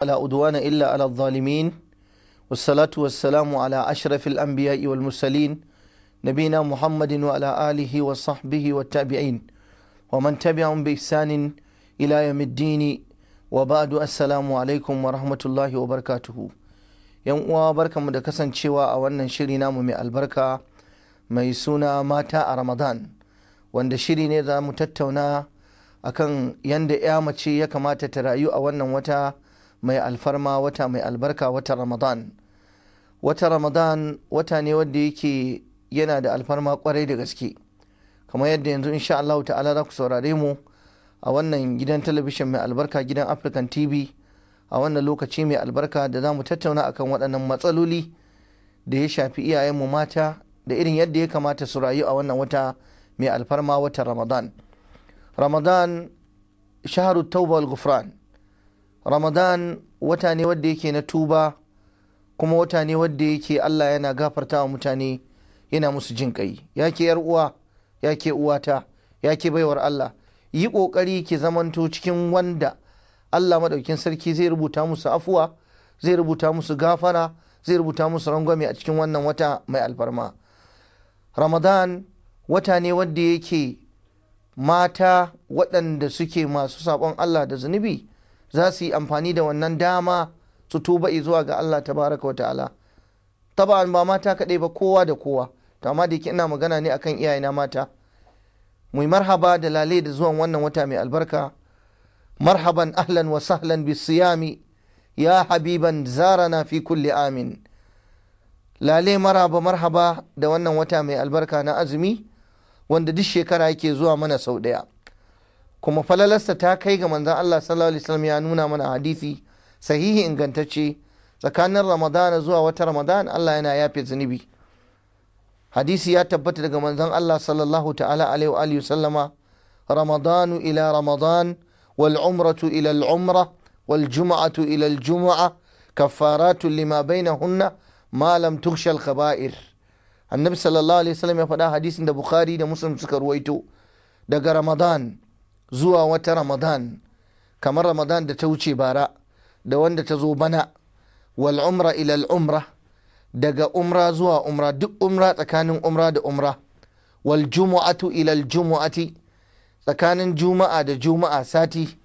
ولا عدوان إلا على الظالمين والصلاة والسلام على أشرف الأنبياء والمرسلين نبينا محمد وعلى آله وصحبه والتابعين ومن تبعهم بإحسان إلى يوم الدين وبعد السلام عليكم ورحمة الله وبركاته yan uwa barkanmu da kasancewa a wannan shiri namu mai albarka mai suna mata a ramadan wanda shiri ne za mu tattauna akan yadda ya mace ya kamata ta rayu a wannan wata mai alfarma wata mai albarka wata ramadan wata ramadan wata ne wanda yake yana da alfarma kwarai da gaske kamar yadda yanzu insha Allah ta'ala za ku saurare mu a wannan gidan talabishin mai albarka gidan african tv a wannan lokaci mai albarka da za mu tattauna akan waɗannan matsaloli da ya shafi iyayen mu mata da irin yadda ya kamata su rayu a wannan wata mai alfarma wata ramadan ramadan shaharu tauba al-gufran ramadan wata ne wadda yake na tuba kuma wata ne wadda yake allah yana gafarta wa mutane yana musu jin kai ya ke yar uwa ya ke uwata ya ke baiwar allah yi ƙoƙari ke zamanto cikin wanda allah maɗaukin sarki zai rubuta musu afuwa zai rubuta musu gafara zai rubuta musu rangwame a cikin wannan wata mai alfarma ramadan wata ne wadda yake mata waɗanda suke masu saɓon allah da zunubi za su yi amfani da wannan dama su tuba zuwa ga Allah tabaraka wa ta'ala taba'an ba mata kaɗai ba kowa da kowa to amma da ina magana ne akan iyayena mata mu marhaba da lale da zuwan wannan wata mai albarka marhaban ahlan wa sahlan bis siyami ya habiban zarana fi kulli amin lale maraba marhaba da wannan wata mai albarka na azumi wanda duk shekara yake zuwa mana sau ɗaya kuma falalarsa ta kai ga manzan Allah sallallahu alaihi wasallam ya nuna mana hadisi sahihi ingantacce tsakanin ramadana zuwa wata ramadan Allah yana yafe zunubi hadisi ya tabbata daga manzon Allah sallallahu ta'ala alaihi wa sallama ramadanu ila ramadan wal umratu ila al umra wal jumu'atu ila al jumu'a kaffaratu lima bainahunna ma lam tughsha al khaba'ir annabi sallallahu alaihi wasallam ya faɗa hadisin da bukhari da muslim suka ruwaito daga ramadan zuwa wata ramadan kamar ramadan da ta wuce bara da wanda ta zo bana wal umra ila al umra daga umra zuwa umra duk umra tsakanin umra da umra wal jumu'atu ila al jumu'ati tsakanin juma'a da juma'a sati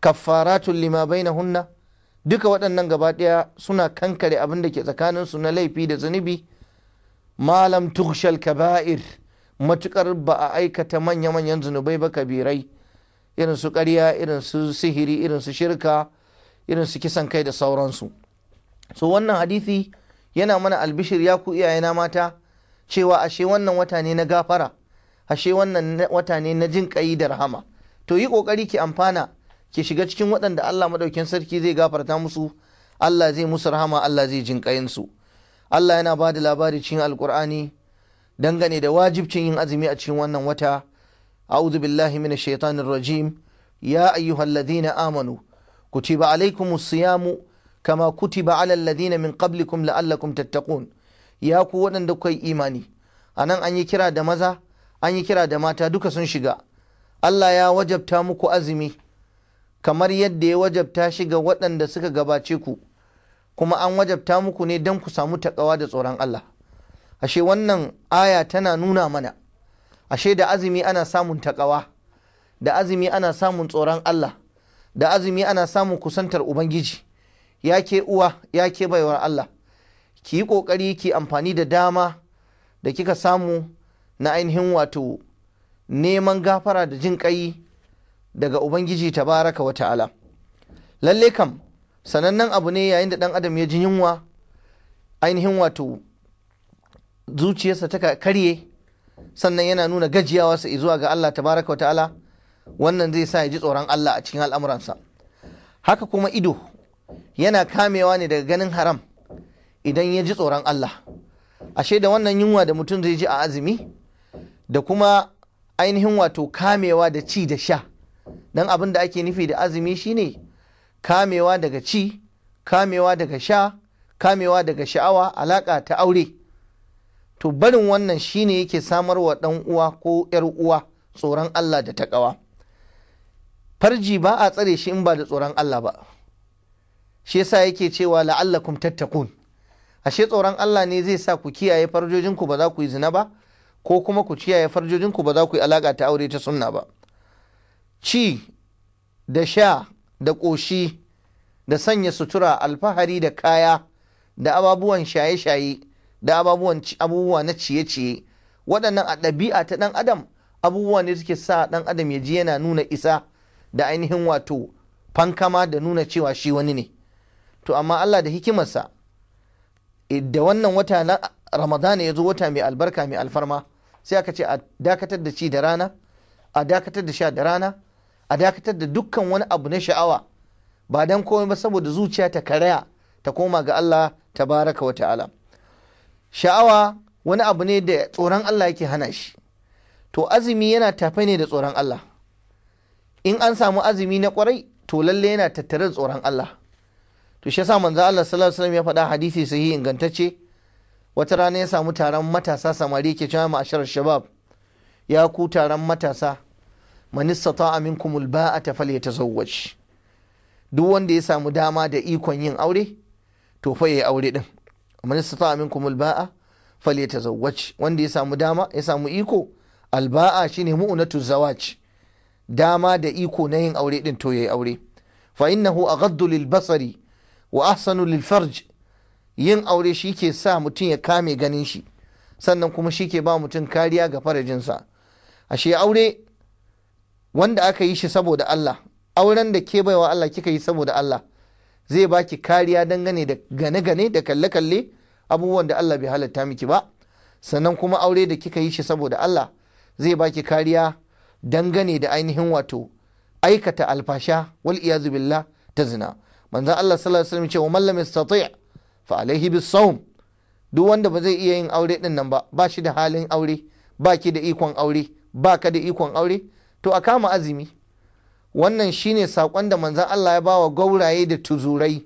kaffaratun lima bainahunna duka waɗannan gaba ɗaya suna kankare abin da ke tsakanin su na laifi da zunubi malam tughshal kaba'ir matukar ba a aikata manya-manyan zunubai ba kabirai irin su ƙarya irin su sihiri irin su shirka irin su kisan kai da sauransu so wannan hadisi yana mana albishir ya ku iyayena mata cewa ashe wannan wata ne na gafara ashe wannan wata ne na jin ƙayi da rahama to yi ƙoƙari ki amfana ki shiga cikin waɗanda Allah maɗaukin sarki zai gafarta musu Allah zai musu rahama Allah zai jin ƙayinsu Allah yana ba da labari cikin alƙur'ani dangane da wajibcin yin azumi a cikin wannan wata أعوذ بالله من الشيطان الرجيم يا أيها الذين آمنوا كتب عليكم الصيام كما كتب على الذين من قبلكم لعلكم تتقون يا قوة kira إيماني أنا an yi دمزا da mata, دماتا sun سنشيغا Allah ya wajabta muku azumi kamar yadda ya wajabta shi ga waɗanda suka gabace ku kuma an wajabta muku ne don ku samu takawa da tsoron Allah ashe wannan aya tana nuna mana ashe da azumi ana samun takawa da azumi ana samun tsoron Allah da azumi ana samun kusantar ubangiji ya ke uwa ya ke baiwar Allah ki yi ƙoƙari ki amfani da dama da kika samu na ainihin wato neman gafara da jin ƙai daga ubangiji ta baraka wa ta'ala lalle kam sanannen abu ne yayin da ɗan adam ya ji yunwa ainihin wato zuciyarsa ta karye sannan yana nuna gajiyawa gajiyawarsa zuwa ga Allah tabaraka ta'ala wannan zai sa ya ji tsoron Allah a cikin al'amuransa haka kuma ido yana kamewa ne daga ganin haram idan ya ji tsoron Allah ashe da wannan yunwa da mutum zai ji a azumi da kuma ainihin wato kamewa da ci da sha dan abin da ake nufi da azumi shine kamewa daga ci kamewa daga sha kamewa daga sha'awa alaka ta aure to barin wannan shine yake samar wa ɗan uwa ko ‘yar uwa tsoron Allah da taƙawa farji ba a tsare shi in ba da tsoron Allah ba shi yasa yake cewa la'allakum tattakun ashe tsoron Allah ne zai sa ku kiyaye farjojinku ba za ku yi zina ba ko kuma ku kiyaye farjojinku ba za ku yi alaka ta aure ta sunna ba ci da sha da ƙoshi da sanya sutura alfahari da kaya da ababuwan shaye-shaye da abubuwa na ciye-ciye waɗannan a ɗabi'a ta ɗan adam abubuwa ne suke sa ɗan adam ya ji yana nuna isa da ainihin wato fankama da nuna cewa shi wani ne to amma Allah da hikimarsa eh, da wannan wata na ramadana ya zo wata mai albarka mai alfarma sai aka ce a dakatar da ci da rana a dakatar da sha da rana a dakatar da dukkan wani abu na sha'awa ba don komai ba saboda zuciya ta karaya ta koma ga Allah tabaraka wa ta'ala sha'awa wani abu ne da tsoron Allah yake hana shi to azumi yana tafe ne da tsoron Allah in an samu azumi na kwarai to lalle yana tattare da tsoron Allah to shi yasa manzo Allah sallallahu alaihi wasallam ya faɗa hadisi sahihi ingantacce wata rana ya samu taron matasa samari yake cewa ma'asharar shabab ya ku taron matasa man istata'a ta alba'ata waje. duk wanda ya samu dama da ikon yin aure to fa yayi aure din man istata minkum alba'a falyatazawwaj wanda ya samu dama ya samu iko alba'a shine mu'natu zawaj dama da iko na yin aure din to yayi aure fa innahu aghaddu lil basari wa ahsanu lil farj yin aure shi ke sa mutum ya kame ganin shi sannan kuma shi ke ba mutum kariya ga farajinsa ashe aure wanda aka yi shi saboda Allah auren da ke baiwa Allah kika yi saboda Allah zai baki kariya dangane da gane-gane da kalle-kalle abubuwan da Allah bai halatta miki ba sannan kuma aure da kika yi shi saboda Allah zai baki kariya dangane da ainihin wato aikata alfasha wal iyazu billah ta zina manzon Allah sallallahu alaihi wasallam ce wa man lam fa alaihi bis sawm duk wanda ba zai iya yin aure din nan ba ba shi da halin aure ba ki da ikon aure ba ka da ikon aure to a kama azumi wannan shine saƙon da manzan Allah ya bawa gauraye da tuzurai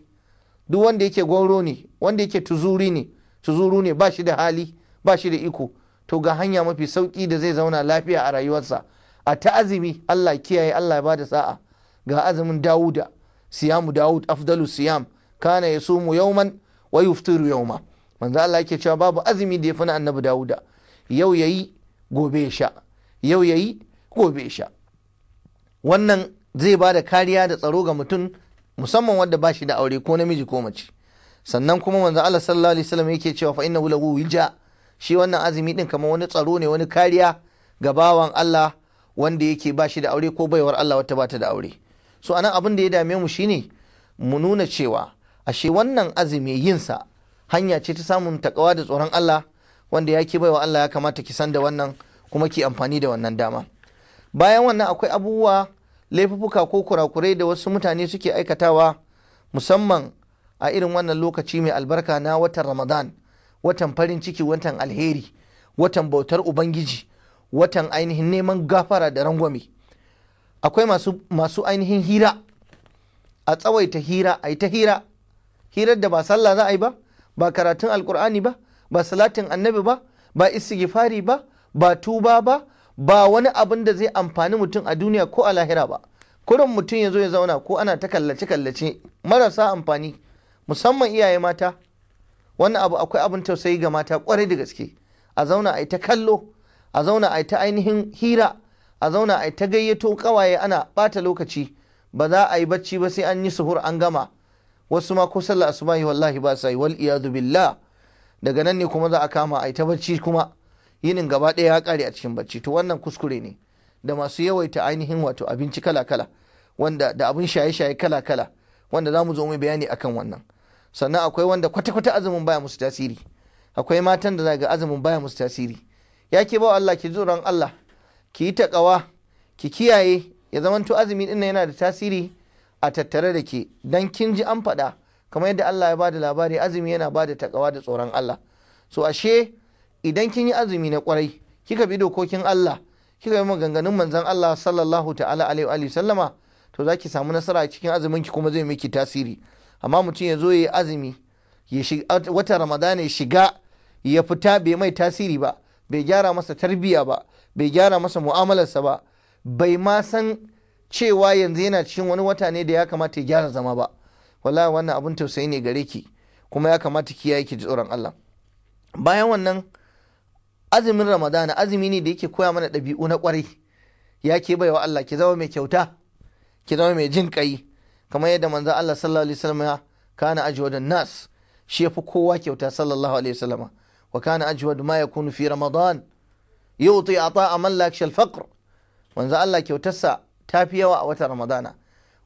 duk wanda yake gauro ne wanda yake tuzuri ne tuzuru ne ba shi da hali ba shi da iko to ga hanya mafi sauƙi da zai zauna lafiya a rayuwarsa a ta azumi Allah kiyaye Allah ya ba da sa'a ga azumin Dawuda siyamu Dawud afdalu siyam kana yasumu yawman wa yuftiru yawma manzo Allah yake cewa babu azumi da yafi na annabi Dawuda yau yayi gobe sha yau yayi gobe sha wannan zai ba da kariya da tsaro ga mutum musamman wanda ba shi da aure ko namiji ko mace sannan kuma manzo Allah sallallahu alaihi wasallam yake cewa fa inna lahu wija shi wannan azumi din kamar wani tsaro ne wani kariya ga bawan Allah wanda yake ba shi da aure ko baiwar Allah wata bata da aure so anan abin da ya dame mu shine mu nuna cewa ashe wannan azumi yin sa hanya ce ta samun takawa da tsoron Allah wanda yake baiwa Allah ya kamata ki san da wannan kuma ki amfani da wannan dama bayan wannan akwai abubuwa laifuka ko kurakurai da wasu mutane suke aikatawa musamman a irin wannan lokaci mai albarka na watan ramadan watan farin ciki watan alheri watan bautar ubangiji watan ainihin neman gafara da rangwame akwai masu, ainihin hira a tsawaita hira a ta hira hirar da ba sallah za a yi ba ba karatun alkur'ani ba ba salatin annabi ba ba istighfari ba ba tuba ba ba wani abin da zai amfani mutum a duniya ko a lahira ba kurin mutum ya zo ya zauna ko ana ta kallace kallace marasa amfani musamman iyaye mata wannan abu akwai abin tausayi ga mata kwarai da gaske a zauna a ta kallo a zauna a ta ainihin hira a zauna a ta gayyato kawaye ana bata lokaci ba za a yi bacci ba sai an yi suhur an gama wasu ma ko sallah yi wallahi ba sai yi wal iyadu billah daga nan ne kuma za a kama a ta bacci kuma yinin gaba ɗaya ya ƙare a cikin bacci to wannan kuskure ne da masu yawaita ainihin wato abinci kala-kala wanda da abin shaye-shaye kala-kala wanda za mu zo mu bayani akan wannan sannan akwai wanda kwata-kwata azumin baya musu tasiri akwai matan da za ga azumin baya musu tasiri ya ke bawa Allah ki tsoron Allah ki yi taƙawa ki kiyaye ya zamanto azumi din yana da tasiri a tattare da ke dan kin ji an faɗa kamar yadda Allah ya bada labari azumi yana bada taƙawa da tsoron Allah so ashe idan kin yi azumi na kwarai kika bi dokokin Allah kika yi maganganun manzon Allah sallallahu ta'ala alaihi wa sallama to zaki samu nasara a cikin azumin ki kuma zai miki tasiri amma mutum ya zo ya yi azumi ya shiga wata ramadana ya shiga ya fita bai mai tasiri ba bai gyara masa tarbiya ba bai gyara masa mu'amalarsa ba bai ma san cewa yanzu yana cikin wani wata ne da ya kamata ya gyara zama ba wallahi wannan abin tausayi ne gare ki kuma ya kamata ki yayi ki ji tsoron Allah bayan wannan azumin ramadana azumi ne da yake koya mana ɗabi'u na ƙwarai ya ke baiwa Allah ki zama mai kyauta ki zama mai jin ƙai kamar yadda manzo Allah sallallahu alaihi wasallam ya kana ajwada nas shi yafi kowa kyauta sallallahu alaihi wasallam wa kana ajwad ma yakunu fi ramadan yuti ata'a man la yakshal faqr manzo Allah kyautarsa tafi yawa a watan ramadana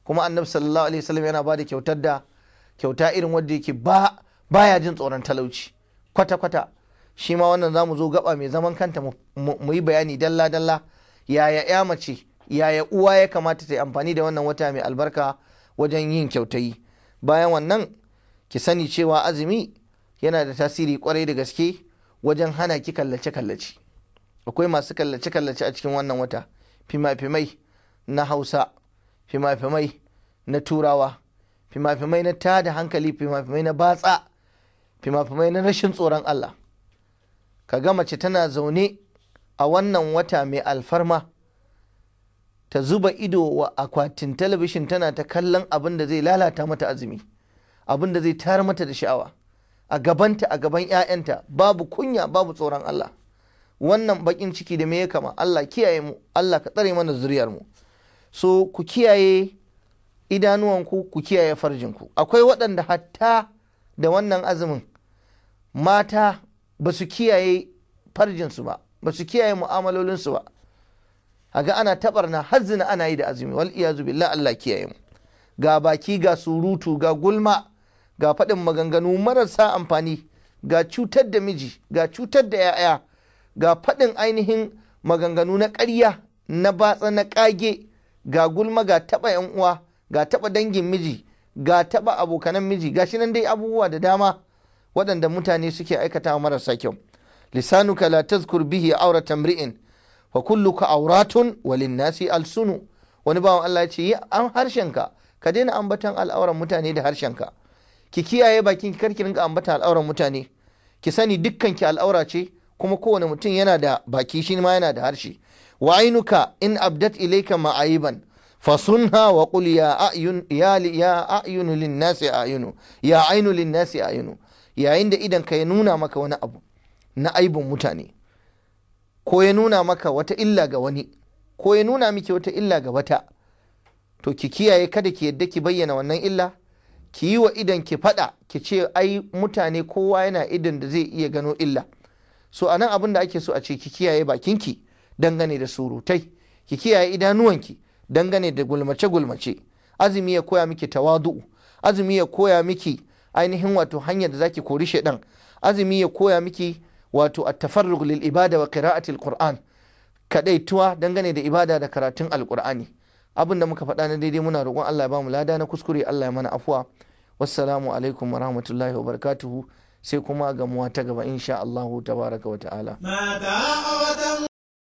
kuma annabi sallallahu alaihi wasallam yana bada kyautar da kyauta irin wanda yake ba baya jin tsoron talauci kwata kwata shi ma wannan za mu zo gaba mai zaman kanta mu yi bayani dalla dalla yaya ya mace yaya uwa ya kamata ta yi amfani da wannan wata mai albarka wajen yin kyautayi bayan wannan ki sani cewa azumi yana da tasiri kwarai da gaske wajen hana ki kallace kallace akwai masu kallace kallace a cikin wannan wata fima-fimai na hausa fima-fimai na turawa fima-fimai na tada hankali fima-fimai na batsa fima-fimai na rashin tsoron allah ka ga mace tana zaune a wannan wata mai alfarma ta zuba ido wa akwatin talabishin tana ta kallon abin da zai lalata mata azumi abin da zai tayar mata da sha'awa a gabanta a gaban 'ya'yanta babu kunya babu tsoron Allah wannan bakin ciki da me ya kama Allah kiyaye mu Allah ka tsare mana zuriyar mu so ku kiyaye idanuwanku ku kiyaye farjinku akwai waɗanda hatta da wannan azumin mata ba su kiyaye farjinsu ba ba su kiyaye mu'amalolinsu ba a ga ana tabarna hazzina ana yi da azumi wal iyazu billah Allah kiyaye mu ga baki ga surutu ga gulma ga faɗin maganganu marasa amfani ga cutar da miji ga cutar da 'ya'ya ga faɗin ainihin maganganu na ƙarya na batsa na ƙage ga gulma ga taɓa 'yan uwa ga taɓa dangin miji ga taɓa abokanan miji ga shi nan dai abubuwa da dama waɗanda mutane suke aikata marasa kyau lisanuka la tazkur bihi aurata mri'in wa kulluka auratun walin nasi alsunu wani bawan Allah ya ce yi an harshenka ka daina ambatan al'auran mutane da harshenka ki kiyaye bakin kar ki rinka ambata al'auran mutane ki sani dukkan ki al'aura ce kuma kowane mutum yana da baki shi ma yana da harshe wa ainuka in abdat ilayka ma'ayiban fasunha wa qul ya ayun ya ayunu lin ayunu ya lin ayunu yayin da idan ka ya nuna maka wani abu na aibin mutane ko ya nuna maka wata illa ga wani ko ya nuna miki wata illa ga wata to ki kiyaye kada ki yadda ki bayyana wannan illa ki yi wa idan ki faɗa ki ce ai mutane kowa yana idan da zai iya gano illa so a nan abin da ake so a ce ki kiyaye bakinki dangane da surutai ki kiyaye idanuwanki dangane da gulmace-gulmace azumi ya koya miki tawadu'u azumi ya koya miki ainihin wato hanyar da zaki kori shaidan azumi ya koya miki wato at-tafarruq lil ibada wa qira'atil qur'an kadaituwa dangane da ibada da karatun alqur'ani abin da muka faɗa na daidai muna roƙon Allah ya bamu lada na kuskure Allah ya mana afuwa wassalamu alaikum wa rahmatullahi wa barakatuhu sai kuma gamuwa ta gaba insha Allah tabaraka wa ta'ala